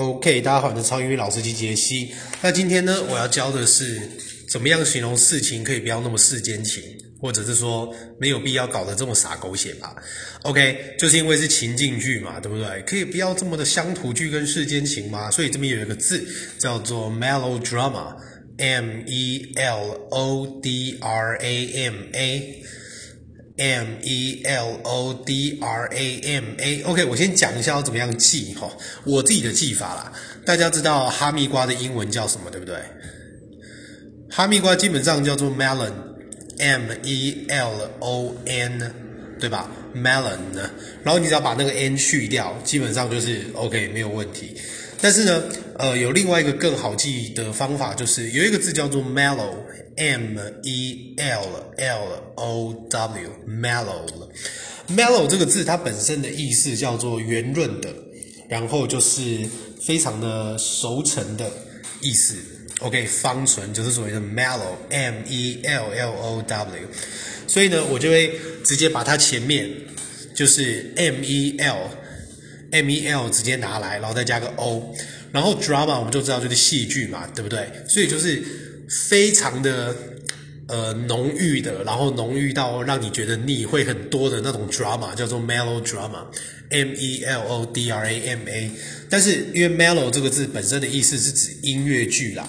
OK，大家好，我是潮英英語老師機傑西。那今天呢，我要教的是怎麼樣形容事情可以不要那麼世間情，或者是說沒有必要搞得這麼灑狗血吧。OK，就是因為是情境劇嘛，對不對？可以不要這麼的鄉土劇跟世間情嘛。所以這邊有一個字叫做 melodrama，M-E-L-O-D-R-A-M-A。E L o D R A M A M E L O D R A M A，OK，okay，我先講一下要怎麼樣記哈，我自己的記法啦。大家知道哈密瓜的英文叫什麼，對不對？哈密瓜基本上叫做 melon，M E L O N。對吧？melon，然後你只要把那個 n 去掉，基本上就是 OK，沒有問題。但是呢，呃，有另外一個更好記憶的方法，就是有一個字叫做 mellow，M-E-L-L-O-W，mellow，mellow，這個字它本身的意思叫做圓潤的，然後就是非常的熟成的意思。OK，方唇就是所謂的 mellow，M-E-L-L-O-W，、e、所以呢，我就會直接把它前面就是 M-E-L，M-E-L、e、直接拿來，然後再加個 O，然後 drama 我們就知道就是戲劇嘛，對不對？所以就是非常的呃濃郁的，然後濃郁到讓你覺得膩會很多的那種 drama 叫做 mellow drama，M-E-L-O-D-R-A-M-A，但是因為 mellow 這個字本身的意思是指音樂劇啦。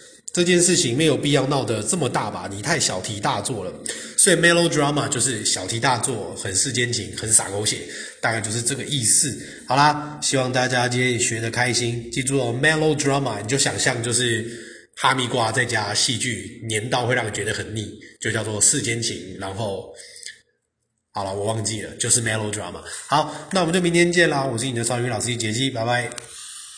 這件事情沒有必要鬧得這麼大吧？你太小題大做了。所以 melodrama 就是小題大做，很世間情，很灑狗血，大概就是這個意思。好啦，希望大家今天也學得開心。記住哦，melodrama 你就想象就是哈密瓜再加戲劇，黏到會讓你覺得很膩，就叫做世間情。然後，好了，我忘記了，就是 melodrama。好，那我們就明天見啦。我是你的超語老師傑基，拜拜。